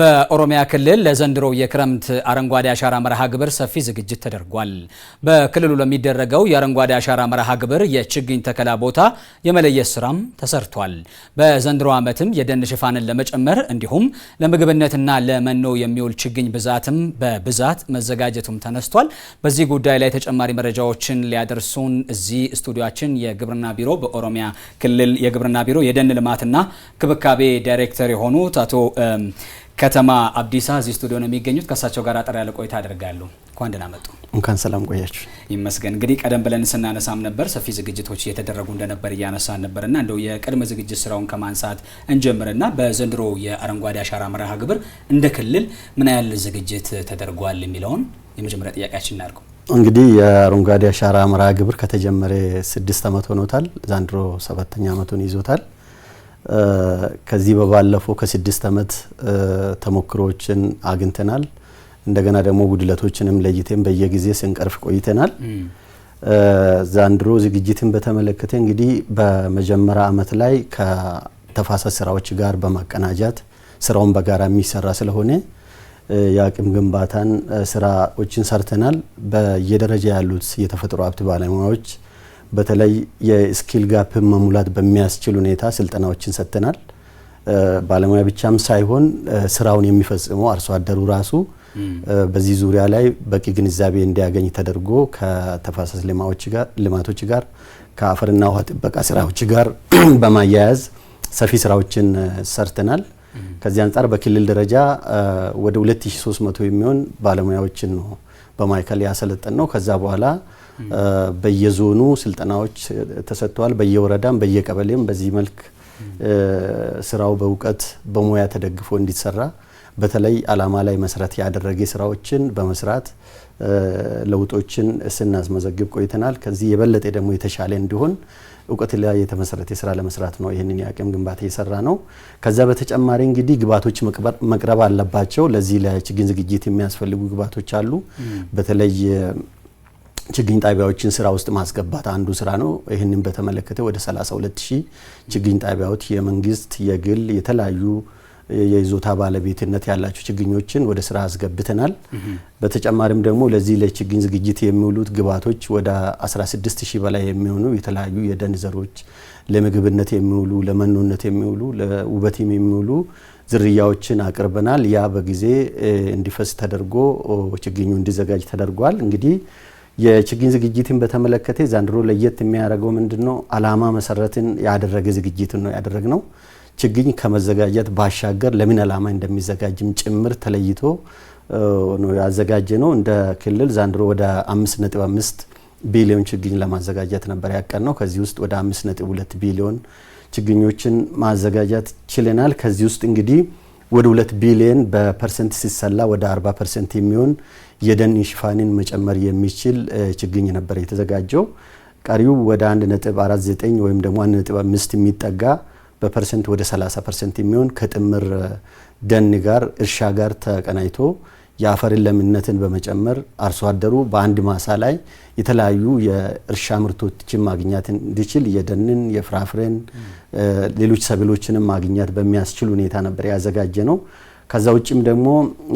በኦሮሚያ ክልል ለዘንድሮ የክረምት አረንጓዴ አሻራ መርሃ ግብር ሰፊ ዝግጅት ተደርጓል። በክልሉ ለሚደረገው የአረንጓዴ አሻራ መርሃ ግብር የችግኝ ተከላ ቦታ የመለየት ስራም ተሰርቷል። በዘንድሮ ዓመትም የደን ሽፋንን ለመጨመር እንዲሁም ለምግብነትና ለመኖ የሚውል ችግኝ ብዛትም በብዛት መዘጋጀቱም ተነስቷል። በዚህ ጉዳይ ላይ ተጨማሪ መረጃዎችን ሊያደርሱን እዚህ ስቱዲዮችን የግብርና ቢሮ በኦሮሚያ ክልል የግብርና ቢሮ የደን ልማትና ክብካቤ ዳይሬክተር የሆኑት አቶ ከተማ አብዲሳ እዚህ ስቱዲዮ ነው የሚገኙት። ከእሳቸው ጋር አጠር ያለ ቆይታ አደርጋለሁ። እንኳን ደህና መጡ። እንኳን ሰላም ቆያችሁ። ይመስገን። እንግዲህ ቀደም ብለን ስናነሳም ነበር ሰፊ ዝግጅቶች እየተደረጉ እንደነበር እያነሳን ነበርና እንደው የቅድመ ዝግጅት ስራውን ከማንሳት እንጀምርና በዘንድሮ የአረንጓዴ አሻራ መርሃ ግብር እንደ ክልል ምን ያህል ዝግጅት ተደርጓል የሚለውን የመጀመሪያ ጥያቄያችን እናድርገው። እንግዲህ የአረንጓዴ አሻራ መርሃ ግብር ከተጀመረ ስድስት ዓመት ሆኖታል። ዘንድሮ ሰባተኛ ዓመቱን ይዞታል። ከዚህ በባለፈው ከስድስት ዓመት ተሞክሮዎችን አግኝተናል። እንደገና ደግሞ ጉድለቶችንም ለይተን በየጊዜ ስንቀርፍ ቆይተናል። ዛንድሮ ዝግጅትን በተመለከተ እንግዲህ በመጀመሪያ ዓመት ላይ ከተፋሰስ ስራዎች ጋር በማቀናጃት ስራውን በጋራ የሚሰራ ስለሆነ የአቅም ግንባታን ስራዎችን ሰርተናል። በየደረጃ ያሉት የተፈጥሮ ሀብት ባለሙያዎች በተለይ የስኪል ጋፕን መሙላት በሚያስችል ሁኔታ ስልጠናዎችን ሰጥተናል። ባለሙያ ብቻም ሳይሆን ስራውን የሚፈጽመው አርሶ አደሩ ራሱ በዚህ ዙሪያ ላይ በቂ ግንዛቤ እንዲያገኝ ተደርጎ ከተፋሰስ ልማቶች ጋር ከአፈርና ውሃ ጥበቃ ስራዎች ጋር በማያያዝ ሰፊ ስራዎችን ሰርተናል። ከዚህ አንጻር በክልል ደረጃ ወደ 2300 የሚሆን ባለሙያዎችን ነው በማዕከል ያሰለጠን ነው። ከዛ በኋላ በየዞኑ ስልጠናዎች ተሰጥተዋል። በየወረዳም በየቀበሌም በዚህ መልክ ስራው በእውቀት በሙያ ተደግፎ እንዲሰራ በተለይ አላማ ላይ መሰረት ያደረገ ስራዎችን በመስራት ለውጦችን ስናስመዘግብ ቆይተናል። ከዚህ የበለጠ ደግሞ የተሻለ እንዲሆን እውቀት ላይ የተመሰረተ ስራ ለመስራት ነው። ይህንን የአቅም ግንባታ እየሰራ ነው። ከዛ በተጨማሪ እንግዲህ ግባቶች መቅረብ አለባቸው። ለዚህ ለችግኝ ዝግጅት የሚያስፈልጉ ግባቶች አሉ። በተለይ ችግኝ ጣቢያዎችን ስራ ውስጥ ማስገባት አንዱ ስራ ነው። ይህንን በተመለከተ ወደ 32 ሺህ ችግኝ ጣቢያዎች የመንግስት፣ የግል፣ የተለያዩ የይዞታ ባለቤትነት ያላቸው ችግኞችን ወደ ስራ አስገብተናል። በተጨማሪም ደግሞ ለዚህ ለችግኝ ዝግጅት የሚውሉት ግብዓቶች ወደ 16 ሺህ በላይ የሚሆኑ የተለያዩ የደን ዘሮች ለምግብነት የሚውሉ ለመኖነት የሚውሉ ለውበትም የሚውሉ ዝርያዎችን አቅርበናል። ያ በጊዜ እንዲፈስ ተደርጎ ችግኙ እንዲዘጋጅ ተደርጓል። እንግዲህ የችግኝ ዝግጅትን በተመለከተ ዘንድሮ ለየት የሚያደርገው ምንድን ነው? አላማ መሰረትን ያደረገ ዝግጅትን ነው ያደረግ ነው። ችግኝ ከመዘጋጀት ባሻገር ለምን አላማ እንደሚዘጋጅም ጭምር ተለይቶ ነው ያዘጋጀ ነው። እንደ ክልል ዘንድሮ ወደ 5.5 ቢሊዮን ችግኝ ለማዘጋጀት ነበር ያቀድ ነው። ከዚህ ውስጥ ወደ 5.2 ቢሊዮን ችግኞችን ማዘጋጀት ችለናል። ከዚህ ውስጥ እንግዲህ ወደ ሁለት ቢሊየን በፐርሰንት ሲሰላ ወደ 40 ፐርሰንት የሚሆን የደን ሽፋንን መጨመር የሚችል ችግኝ ነበር የተዘጋጀው። ቀሪው ወደ 1.49 ወይም ደግሞ 1.5 የሚጠጋ በፐርሰንት ወደ 30 ፐርሰንት የሚሆን ከጥምር ደን ጋር እርሻ ጋር ተቀናይቶ የአፈርን ለምነትን በመጨመር አርሶ አደሩ በአንድ ማሳ ላይ የተለያዩ የእርሻ ምርቶችን ማግኘት እንዲችል የደንን፣ የፍራፍሬን፣ ሌሎች ሰብሎችንም ማግኘት በሚያስችል ሁኔታ ነበር ያዘጋጀ ነው። ከዛ ውጭም ደግሞ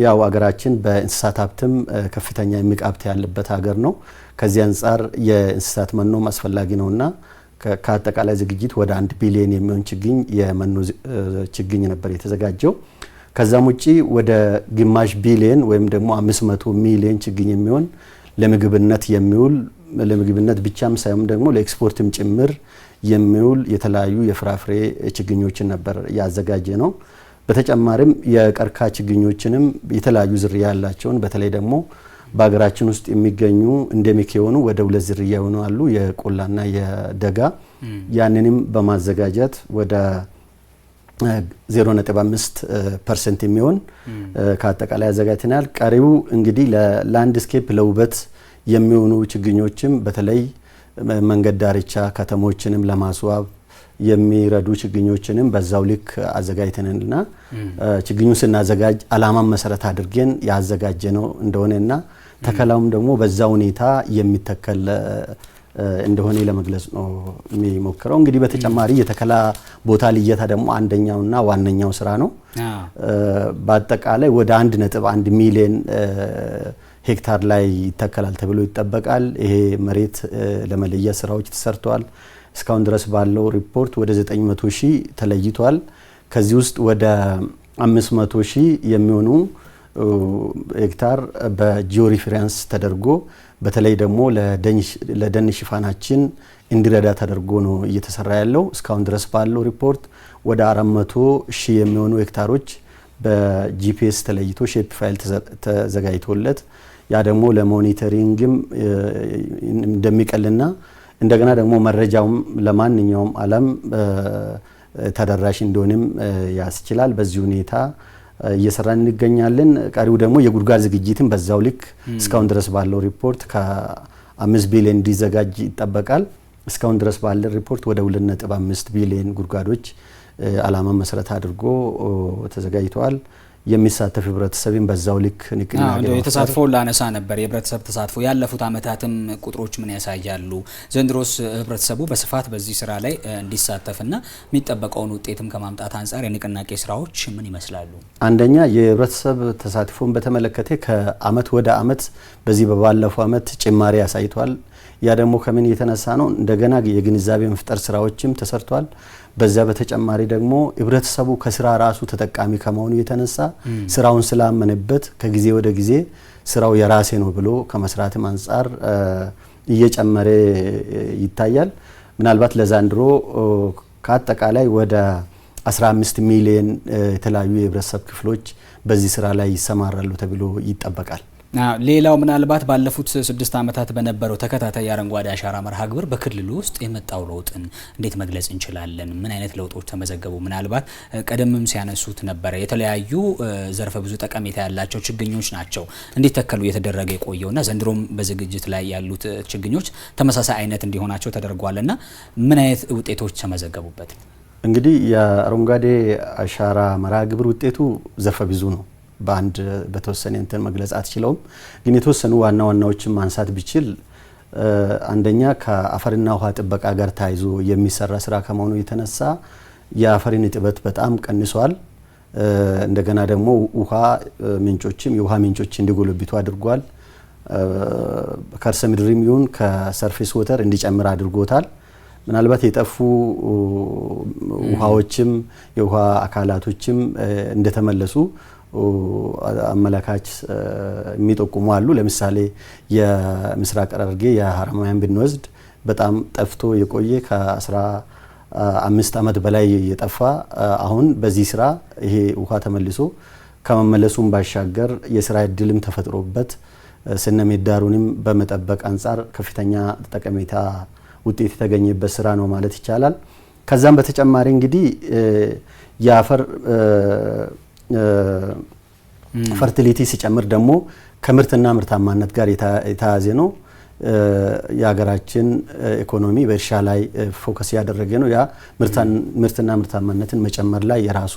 ያው ሀገራችን በእንስሳት ሀብትም ከፍተኛ የሚቃብት ያለበት ሀገር ነው። ከዚህ አንጻር የእንስሳት መኖም አስፈላጊ ነውና ከአጠቃላይ ዝግጅት ወደ አንድ ቢሊዮን የሚሆን ችግኝ የመኖ ችግኝ ነበር የተዘጋጀው። ከዛም ውጪ ወደ ግማሽ ቢሊየን ወይም ደግሞ 500 ሚሊየን ችግኝ የሚሆን ለምግብነት የሚውል ለምግብነት ብቻም ሳይሆን ደግሞ ለኤክስፖርትም ጭምር የሚውል የተለያዩ የፍራፍሬ ችግኞችን ነበር ያዘጋጀ ነው። በተጨማሪም የቀርካ ችግኞችንም የተለያዩ ዝርያ ያላቸውን በተለይ ደግሞ በሀገራችን ውስጥ የሚገኙ እንደሚክ የሆኑ ወደ ሁለት ዝርያ የሆኑ አሉ፣ የቆላና የደጋ ያንንም በማዘጋጀት ወደ 0.5 ፐርሰንት የሚሆን ከአጠቃላይ አዘጋጅተናል። ቀሪው እንግዲህ ለላንድስኬፕ ለውበት የሚሆኑ ችግኞችም በተለይ መንገድ ዳርቻ ከተሞችንም ለማስዋብ የሚረዱ ችግኞችንም በዛው ልክ አዘጋጅተንና ችግኙ ስናዘጋጅ አላማን መሰረት አድርገን ያዘጋጀ ነው እንደሆነና ተከላውም ደግሞ በዛ ሁኔታ የሚተከል እንደሆነ ለመግለጽ ነው የሚሞክረው። እንግዲህ በተጨማሪ የተከላ ቦታ ልየታ ደግሞ አንደኛውና ዋነኛው ስራ ነው። በአጠቃላይ ወደ አንድ ነጥብ አንድ ሚሊዮን ሄክታር ላይ ይተከላል ተብሎ ይጠበቃል። ይሄ መሬት ለመለየት ስራዎች ተሰርተዋል። እስካሁን ድረስ ባለው ሪፖርት ወደ 900 ሺህ ተለይቷል። ከዚህ ውስጥ ወደ 500 ሺህ የሚሆኑ ሄክታር በጂኦ ተደርጎ በተለይ ደግሞ ለደን ሽፋናችን እንዲረዳ ተደርጎ ነው እየተሰራ ያለው። እስካሁን ድረስ ባለው ሪፖርት ወደ 400 ሺህ የሚሆኑ ሄክታሮች በጂፒኤስ ተለይቶ ሼፕ ፋይል ተዘጋጅቶለት ያ ደግሞ ለሞኒተሪንግም እንደሚቀልና እንደገና ደግሞ መረጃውም ለማንኛውም ዓለም ተደራሽ እንደሆንም ያስችላል። በዚህ ሁኔታ እየሰራን እንገኛለን። ቀሪው ደግሞ የጉድጓድ ዝግጅትን በዛው ልክ እስካሁን ድረስ ባለው ሪፖርት ከአምስት ቢሊዮን እንዲዘጋጅ ይጠበቃል። እስካሁን ድረስ ባለ ሪፖርት ወደ አምስት ቢሊዮን ጉድጓዶች አላማ መሰረት አድርጎ ተዘጋጅተዋል። የሚሳተፍ ህብረተሰብም በዛው ልክ የተሳትፎ ላነሳ ነበር። የህብረተሰብ ተሳትፎ ያለፉት አመታትም ቁጥሮች ምን ያሳያሉ? ዘንድሮስ ህብረተሰቡ በስፋት በዚህ ስራ ላይ እንዲሳተፍና የሚጠበቀውን ውጤትም ከማምጣት አንጻር የንቅናቄ ስራዎች ምን ይመስላሉ? አንደኛ የህብረተሰብ ተሳትፎን በተመለከተ ከአመት ወደ አመት በዚህ በባለፈው አመት ጭማሪ አሳይቷል። ያ ደግሞ ከምን የተነሳ ነው? እንደገና የግንዛቤ መፍጠር ስራዎችም ተሰርተዋል። በዛ በተጨማሪ ደግሞ ህብረተሰቡ ከስራ ራሱ ተጠቃሚ ከመሆኑ የተነሳ ስራውን ስላመነበት ከጊዜ ወደ ጊዜ ስራው የራሴ ነው ብሎ ከመስራትም አንጻር እየጨመረ ይታያል። ምናልባት ለዛንድሮ ከአጠቃላይ ወደ 15 ሚሊዮን የተለያዩ የህብረተሰብ ክፍሎች በዚህ ስራ ላይ ይሰማራሉ ተብሎ ይጠበቃል። ሌላው ምናልባት ባለፉት ስድስት ዓመታት በነበረው ተከታታይ የአረንጓዴ አሻራ መርሃ ግብር በክልሉ ውስጥ የመጣው ለውጥን እንዴት መግለጽ እንችላለን? ምን አይነት ለውጦች ተመዘገቡ? ምናልባት ቀደምም ሲያነሱት ነበረ የተለያዩ ዘርፈ ብዙ ጠቀሜታ ያላቸው ችግኞች ናቸው እንዲተከሉ እየተደረገ የቆየውና ዘንድሮም በዝግጅት ላይ ያሉት ችግኞች ተመሳሳይ አይነት እንዲሆናቸው ተደርጓልና ምን አይነት ውጤቶች ተመዘገቡበት? እንግዲህ የአረንጓዴ አሻራ መርሃ ግብር ውጤቱ ዘርፈ ብዙ ነው። በአንድ በተወሰነ እንትን መግለጽ አትችለውም። ግን የተወሰኑ ዋና ዋናዎችን ማንሳት ብችል አንደኛ ከአፈርና ውሃ ጥበቃ ጋር ተያይዞ የሚሰራ ስራ ከመሆኑ የተነሳ የአፈርን እጥበት በጣም ቀንሷል። እንደገና ደግሞ ውሃ ምንጮችም የውሃ ምንጮች እንዲጎለብቱ አድርጓል። ከርሰ ምድርም ይሁን ከሰርፌስ ወተር እንዲጨምር አድርጎታል። ምናልባት የጠፉ ውሃዎችም የውሃ አካላቶችም እንደተመለሱ አመላካች የሚጠቁሙ አሉ። ለምሳሌ የምስራቅ ሐረርጌ የሀረማያን ብንወስድ በጣም ጠፍቶ የቆየ ከአስራ አምስት ዓመት በላይ የጠፋ አሁን በዚህ ስራ ይሄ ውሃ ተመልሶ ከመመለሱም ባሻገር የስራ እድልም ተፈጥሮበት ስነ ምህዳሩንም በመጠበቅ አንጻር ከፍተኛ ጠቀሜታ ውጤት የተገኘበት ስራ ነው ማለት ይቻላል። ከዛም በተጨማሪ እንግዲህ የአፈር ፈርቲሊቲ ሲጨምር ደግሞ ከምርትና ምርታማነት ጋር የተያያዘ ነው። የሀገራችን ኢኮኖሚ በእርሻ ላይ ፎከስ ያደረገ ነው። ያ ምርትና ምርታማነትን መጨመር ላይ የራሱ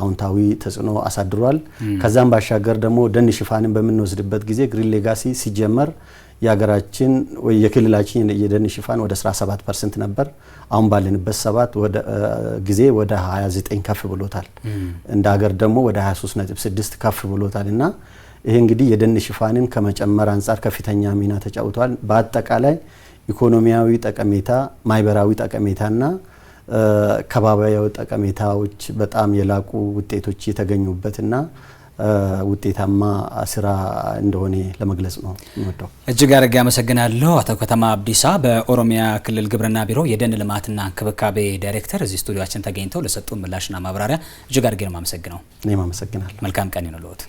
አውንታዊ ተጽዕኖ አሳድሯል። ከዛም ባሻገር ደግሞ ደን ሽፋንን በምንወስድበት ጊዜ ግሪን ሌጋሲ ሲጀመር የሀገራችን ወይ የክልላችን የደን ሽፋን ወደ 17 ፐርሰንት ነበር። አሁን ባለንበት ሰባት ጊዜ ወደ 29 ከፍ ብሎታል። እንደ ሀገር ደግሞ ወደ 23.6 ከፍ ብሎታል እና ይሄ እንግዲህ የደን ሽፋንን ከመጨመር አንጻር ከፍተኛ ሚና ተጫውቷል። በአጠቃላይ ኢኮኖሚያዊ ጠቀሜታ፣ ማህበራዊ ጠቀሜታና ከባቢያዊ ጠቀሜታዎች በጣም የላቁ ውጤቶች የተገኙበትና ውጤታማ ስራ እንደሆነ ለመግለጽ ነው የምወደው። እጅግ አድርጌ አመሰግናለሁ አቶ ከተማ አብዲሳ፣ በኦሮሚያ ክልል ግብርና ቢሮ የደን ልማትና እንክብካቤ ዳይሬክተር፣ እዚህ ስቱዲዮችን ተገኝተው ለሰጡን ምላሽና ማብራሪያ እጅግ አድርጌ ነው የማመሰግነው። እኔም አመሰግናለሁ። መልካም ቀን ይሁንልዎት።